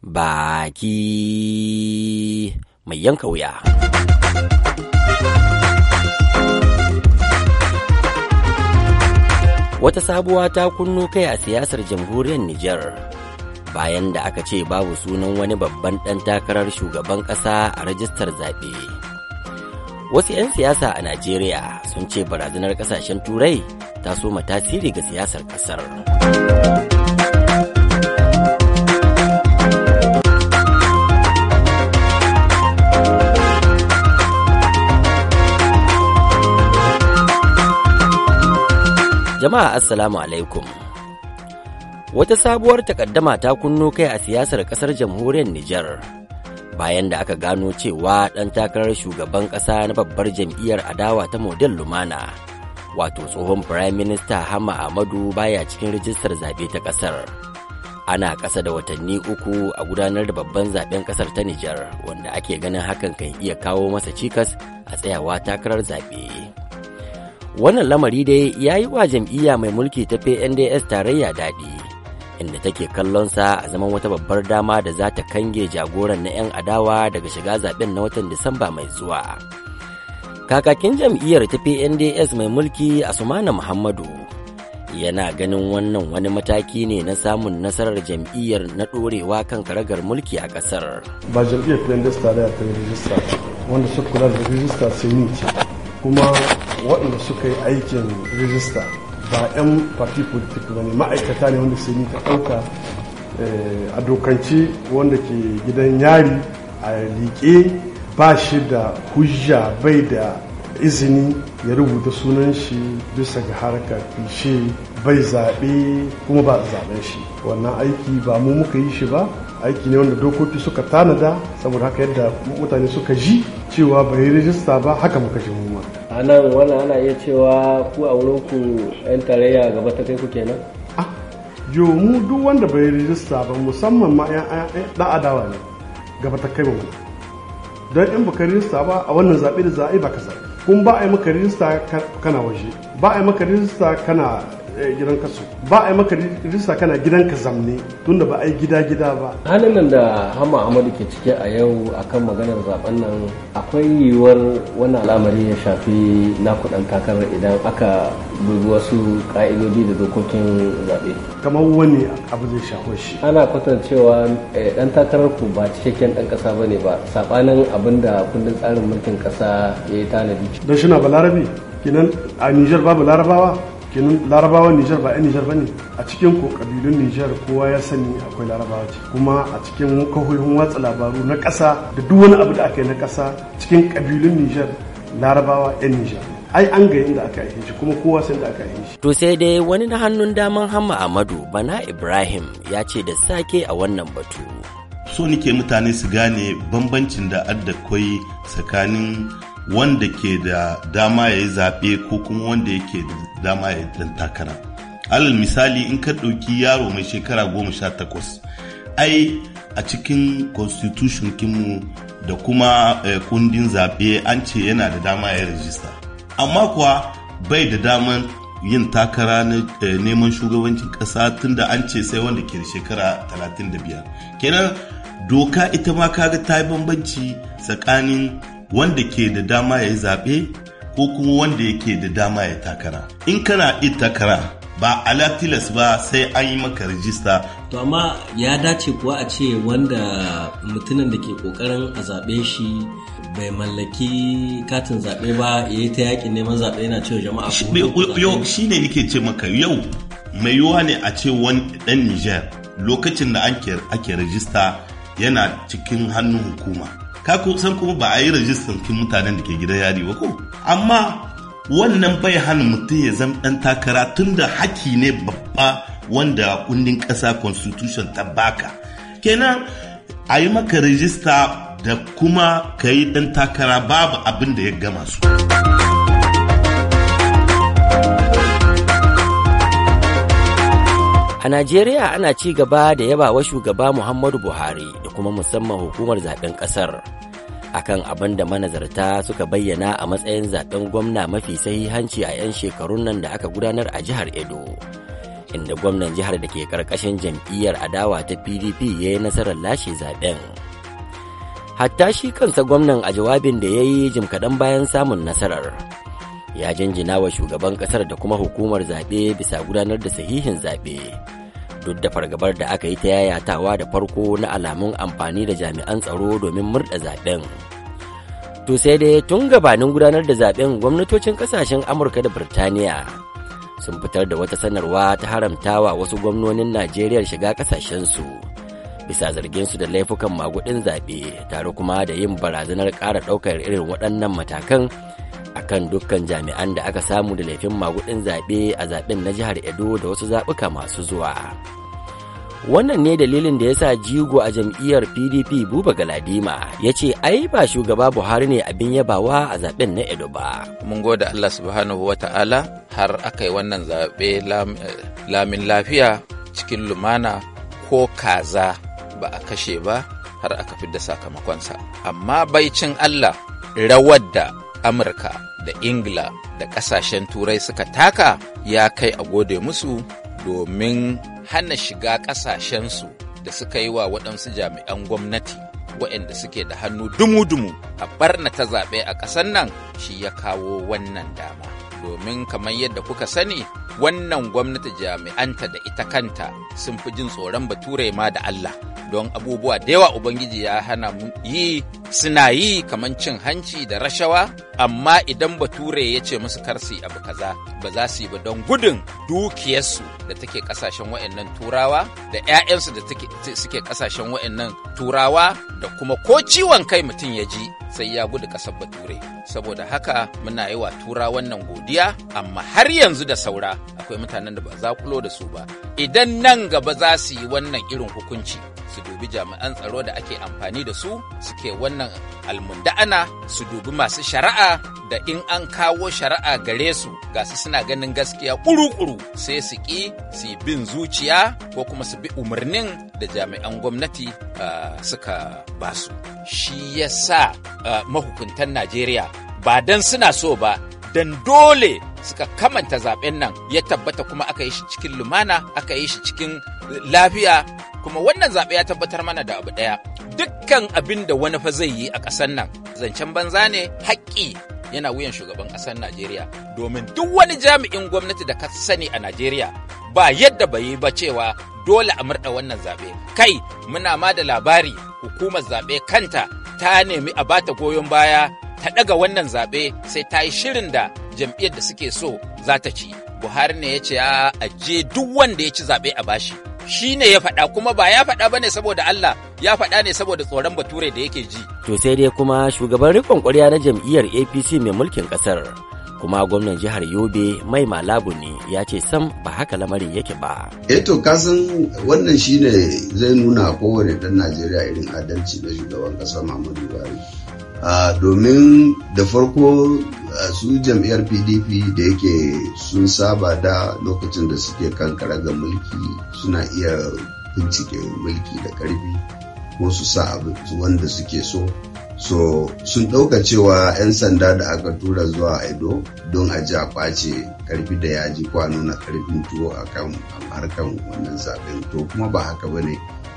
baki mai yanka wuya. Wata sabuwa ta kunno kai a siyasar jamhuriyar Nijar bayan da aka ce babu sunan wani babban ɗan takarar shugaban ƙasa a rajistar zaɓe. Wasu 'yan siyasa a Najeriya sun ce barazanar ƙasashen Turai ta soma tasiri ga siyasar ƙasar. Jama'a Assalamu alaikum. Wata sabuwar takaddama ta kunno kai a siyasar kasar jamhuriyar Nijar. Bayan da aka gano cewa ɗan takarar shugaban ƙasa na babbar jam'iyyar adawa ta Model Lumana, wato tsohon Firayim Minista Hama Ahmadu baya cikin rijistar zaɓe ta ƙasar. Ana ƙasa da watanni uku a gudanar da babban zaɓen ƙasar ta Nijar, wanda ake ganin hakan kan iya kawo masa cikas a tsayawa takarar zaɓe. wannan lamari dai ya yi wa jam'iyya mai mulki ta pnds tarayya daɗi inda take kallonsa a zaman wata babbar dama da za ta kange jagoran na 'yan adawa daga shiga zaben na watan disamba mai zuwa kakakin jam'iyyar ta pnds mai mulki asumana muhammadu yana ganin wannan wani mataki ne na samun nasarar jam'iyyar na ɗorewa kan karagar mulki a ƙasar ba jam'iyyar pnds tarayya ta yi rijista wanda suka kula da rijista sai ni ce kuma waɗanda suka yi aikin rijista ba 'yan party politik ba ne ma'aikata ne wanda sai ni ta ɗauka eh, a dokanci wanda ke gidan yari a liƙe ba shi da hujja bai da izini ya rubuta sunan shi bisa ga harkar fishe bai zaɓe kuma ba zaɓen shi wannan aiki ba mu muka yi shi ba aiki ne wanda dokoki suka tanada saboda haka yadda mutane suka ji cewa bai rijista ba haka muka ji mu ma a nan wannan ana iya cewa ku a wurin ku yan tarayya gaba ta kai ku kenan ah, yo mu duk wanda bai rijista ba musamman ma yan da adawa ne gaba ta kai mu don in baka rijista ba a wannan zaɓe da yi baka zaɓe kuma ba a yi maka rijista kana waje ba a yi maka rijista kana Eh, gidan kasu ba a yi maka rista kana gidan ka zamne tunda ba a yi gida-gida ba halin nan da hama amadu ke cike a yau akan maganar zaben nan akwai yiwuwar wani al'amari ya shafi kudin takarar idan aka dubi wasu ka'idodi da dokokin zaɓe kamar wani abu zai shafo shi ana kwatancewa dan eh, takarar ku ba cikakken dan kasa bane ba sabanin abin da kundin tsarin mulkin kasa ya yi tanadi don shi na balarabi kinan a nijar babu larabawa kenan larabawan nijar ba 'yan nijar ba ne a cikin ko kabilun nijar kowa ya sani akwai larabawa ce kuma a cikin kahohin watsa labaru na ƙasa da duk wani abu da aka yi na ƙasa cikin kabilun nijar larabawa 'yan nijar ai an ga inda aka yi shi kuma kowa sai da aka yi shi. To sai dai wani na hannun daman Hamma Amadu Bana Ibrahim ya ce da sake a wannan batu. So nike mutane su gane bambancin da adda kwai tsakanin wanda ke da dama ya yi zaɓe ko kuma wanda yake da dama ya yi takara alal misali in ka ɗauki yaro mai shekara goma sha takwas ai a cikin constitution kinmu da kuma eh, kundin zaɓe an ce yana da dama ya rajista amma kuwa bai da daman yin takara na eh, neman shugabancin ƙasa tunda an ce sai wanda ke da shekara 35 kenan doka ita ma kaga ta yi bambanci tsakanin wanda ke da dama ya yi zaɓe ko kuma wanda yake da dama ya takara in kana iya takara ba ala tilas ba sai an yi maka rijista to amma ya dace kuwa a ce wanda mutumin da ke kokarin a zaɓe shi bai mallaki katin zaɓe ba ya yi ta yakin neman zaɓe yana cewa jama'a shi ne nake ce maka yau mai yiwuwa ne a ce wani ɗan Nijar? lokacin da ake rajista yana cikin hannun hukuma ka san kuma ba a yi rajistan kin mutanen da ke gidan yari ba ko amma wannan bai hana mutum ya zama ɗan takara tunda haki ne babba wanda kundin ƙasa constitution ta baka kenan a yi maka rajista da kuma ka yi ɗan takara babu abin da ya gama su. A Najeriya ana ci gaba da yabawa shugaba Muhammadu Buhari da kuma musamman hukumar zaben ƙasar. akan abin da manazarta suka bayyana a matsayin zaben gwamna mafi sahihanci a 'yan shekarun nan da aka gudanar a jihar Edo. Inda gwamnan jihar da ke karkashin jam'iyyar adawa ta PDP ya yi nasarar lashe zaben. Hatta shi kansa gwamnan a jawabin da ya yi jim kaɗan bayan samun nasarar. ya jinjina wa shugaban kasar da kuma hukumar zaɓe bisa gudanar da sahihin zaɓe duk da fargabar da aka yi ta yayatawa da farko na alamun amfani da jami'an tsaro domin murda zaɓen to sai dai tun gabanin gudanar da zaɓen gwamnatocin ƙasashen amurka da birtaniya sun fitar da wata sanarwa ta haramtawa wasu gwamnonin najeriya shiga ƙasashensu bisa zargin su da laifukan magudin zaɓe tare kuma da yin barazanar ƙara ɗaukar irin waɗannan matakan a kan dukkan jami'an da aka samu da laifin magudin zaɓe a zaɓen na jihar Edo da wasu zaɓuka masu zuwa. Wannan ne dalilin da ya sa jigo a jam'iyyar PDP Buba Galadima ya ce ai ba shugaba Buhari ne abin yabawa a zaɓen na Edo ba. Mun gode Allah subhanahu wata'ala har aka yi wannan zaɓe eh, lamin lafiya cikin lumana ko kaza ba a kashe ba har aka fi da sakamakonsa amma baicin allah rawar da amurka da ingila da ƙasashen turai suka taka ya kai a gode musu domin hana shiga ƙasashensu da suka yi wa waɗansu jami'an gwamnati waɗanda suke da hannu dumu-dumu a barna ta zaɓe a ƙasar nan shi ya kawo wannan dama domin kamar yadda kuka sani wannan gwamnati jami'anta da ita kanta sun fi jin tsoron bature ma da Allah don abubuwa da yawa Ubangiji ya hana mu yi suna yi kamar cin hanci da rashawa, amma idan bature ya ce musu karsi abu kaza ba za su yi ba don gudun dukiyarsu da take kasashen wa'annan turawa da 'ya'yansu da suke kasashen wa'annan turawa da kuma ko ciwon kai mutum ya ji sai ya gudu ƙasar bature saboda haka muna yi wa tura wannan godiya amma har yanzu da saura akwai mutanen da ba za kulo da su ba idan nan gaba za su yi wannan irin hukunci su dubi jami'an tsaro da ake amfani da su suke wannan almunda'ana su dubi masu shari'a da in an kawo shari'a gare su ga su suna ganin gaskiya kuru-kuru sai su ƙi su yi bin zuciya ko kuma su bi umarnin da jami'an gwamnati ah, suka basu shi yasa mahukuntan Najeriya ba don suna so ba don dole suka kamanta zaben nan ya tabbata kuma aka yi shi cikin lumana aka yi shi cikin eh, lafiya kuma wannan zaɓe ya tabbatar mana da abu ɗaya dukkan abin da wani fa zai yi a ƙasar nan zancen banza ne haƙƙi yana wuyan shugaban ƙasar Najeriya domin duk wani jami'in gwamnati da ka sani a Najeriya ba yadda ba yi ba cewa dole a murɗa wannan zaɓe kai muna ma da labari hukumar zaɓe kanta ta nemi a bata goyon baya ta ɗaga wannan zaɓe sai ta yi shirin da jam'iyyar da suke so za ta ci. Buhari ne ya ce a aje duk wanda ya ci zaɓe a bashi. Shi ne ya faɗa kuma ba ya faɗa ba ne saboda Allah ya faɗa ne saboda tsoron bature da yake ji. To sai dai kuma shugaban riƙon ƙwarya na jam'iyyar APC mai mulkin ƙasar. kuma gwamnan jihar yobe mai malabu ne ya ce sam ba haka lamarin yake ba eto eh kasan wannan shine zai nuna kowane dan najeriya irin adalci na shugaban kasa muhammadu buhari domin da farko su jam'iyyar pdp da yake sun saba da lokacin da suke kankara ga mulki suna iya bincike mulki da karfi ko su sa abu wanda suke so so sun ɗauka cewa 'yan sanda da aka tura zuwa Edo don a ji a kwace karfi da ya ji a nuna karfin tuwo a kan harkan wannan zaben to kuma ba haka ba ne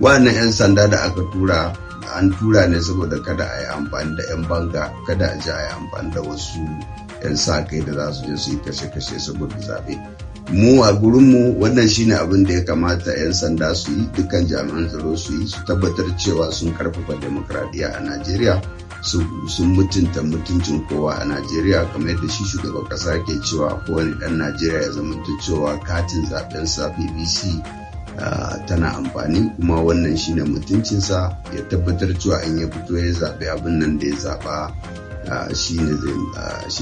wannan 'yan sanda da aka tura an tura ne saboda kada a yi amfani da 'yan banga kada a ji a yi amfani da wasu 'yan sa kai da za su je su yi kashe-kashe saboda zaɓe mu a mu, wannan shine abin da ya kamata 'yan sanda su yi dukkan jami'an tsaro su yi su tabbatar cewa sun karfafa demokradiyya a najeriya sun mutunta mutuncin kowa a najeriya kamar yadda shi shugaban kasa ke cewa kowane dan najeriya ya zamanta cewa katin zaben sa bbc tana amfani kuma wannan shine mutuncinsa ya tabbatar cewa in ya fito ya zaɓi abin nan da ya zaɓa shi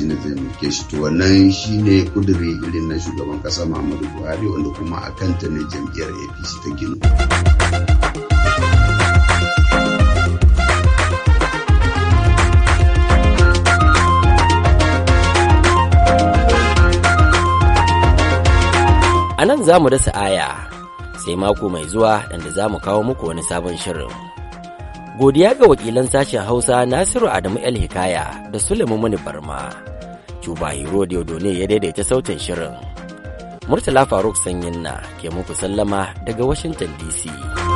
ne zai mulke shi to wannan shi ne kuduri irin na shugaban kasa muhammadu buhari wanda kuma a kanta ne jam'iyyar apc ta gino a nan za mu dasa aya sai mako mai zuwa inda za mu kawo muku wani sabon shirin Godiya ga wakilan sashen Hausa Nasiru Adamu El Hikaya da Sulaiman Mani Barma. Cuba Hero Diodone ya daidaita sautin shirin. Murtala Faruk Sanyin na ke muku sallama daga Washington DC.